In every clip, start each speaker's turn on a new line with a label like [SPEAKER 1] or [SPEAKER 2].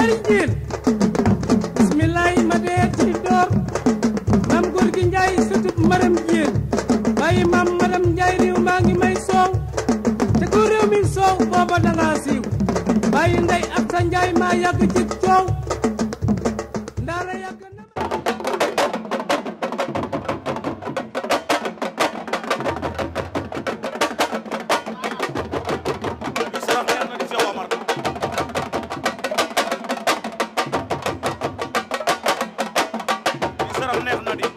[SPEAKER 1] alal jiin bismillaay ma dee ci door maam góor njaay sëtub maram jiin bàyyi maam maram njaay réew maa ngi may soow te ko réew mi soow booba dangaa siiw bàyyi ndey ak njaay maa yàgg ci coow ఉన్నాడు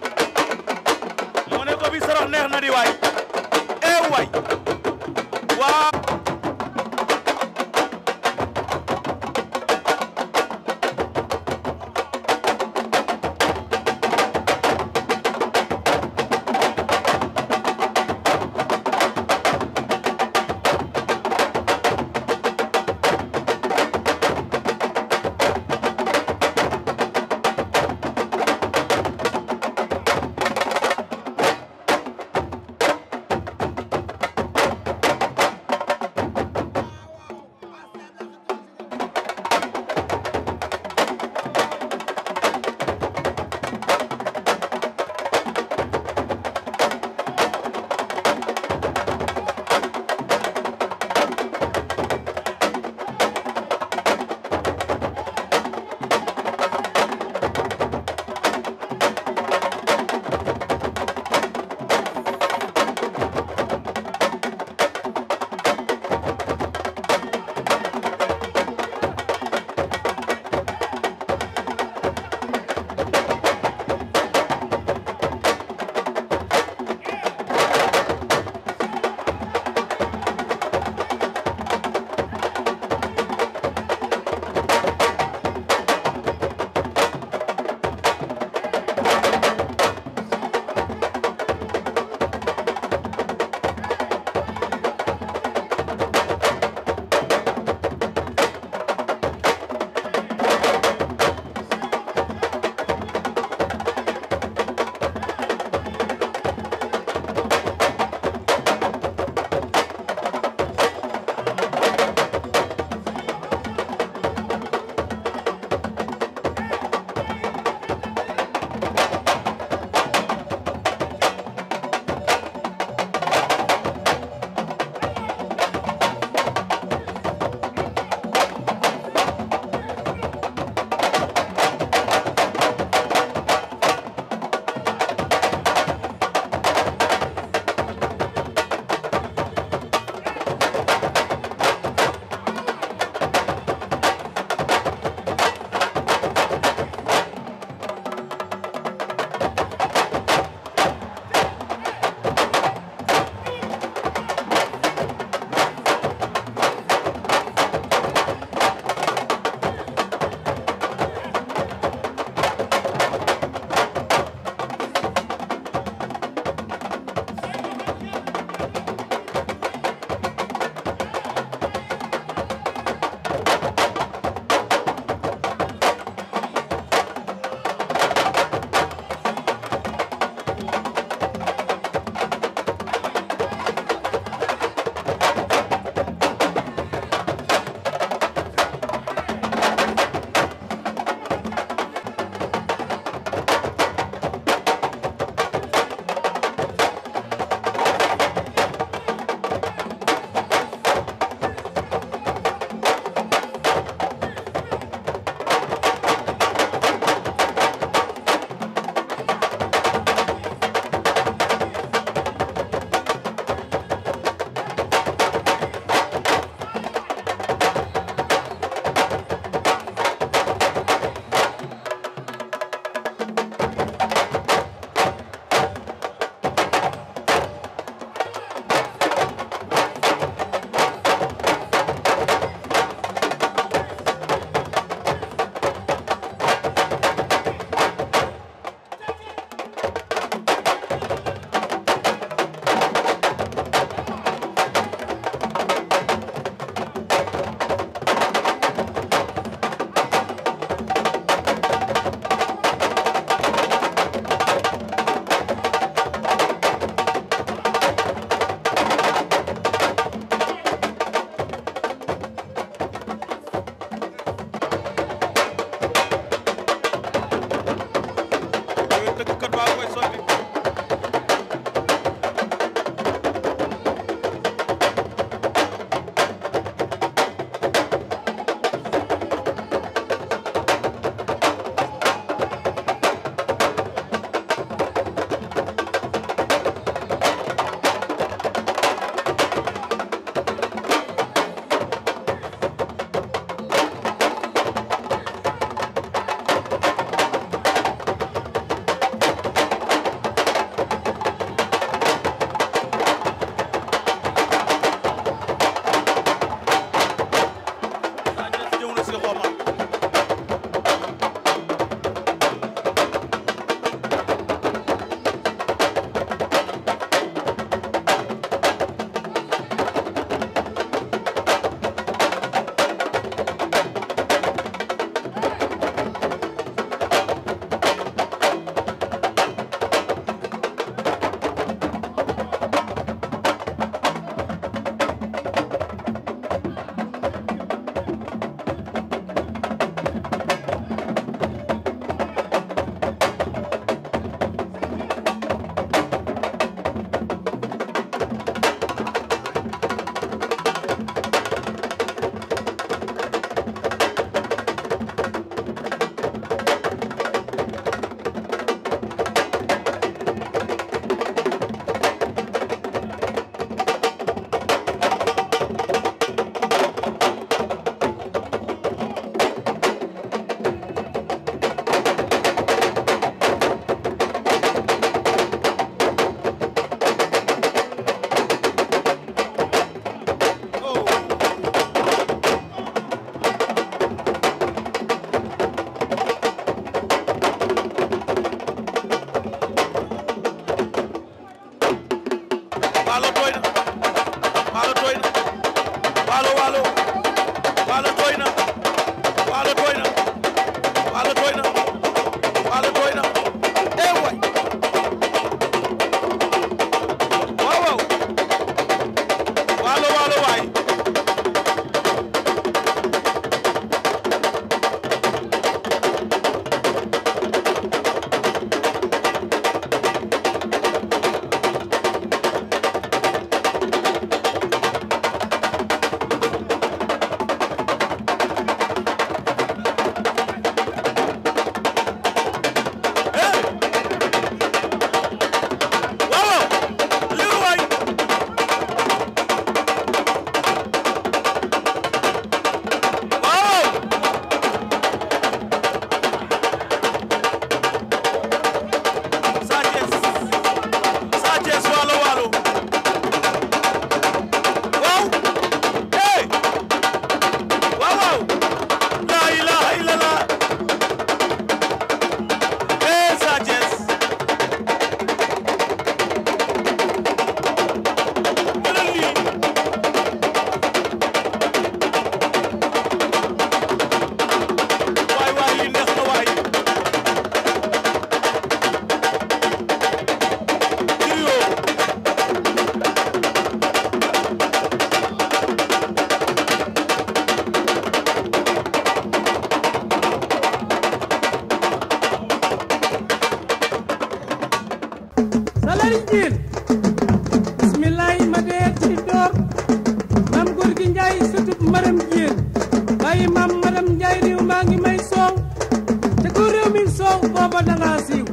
[SPEAKER 1] booba dangaa siiw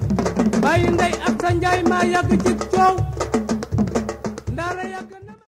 [SPEAKER 1] bàyyi ndey ak sa njaay maa yàgg ci coow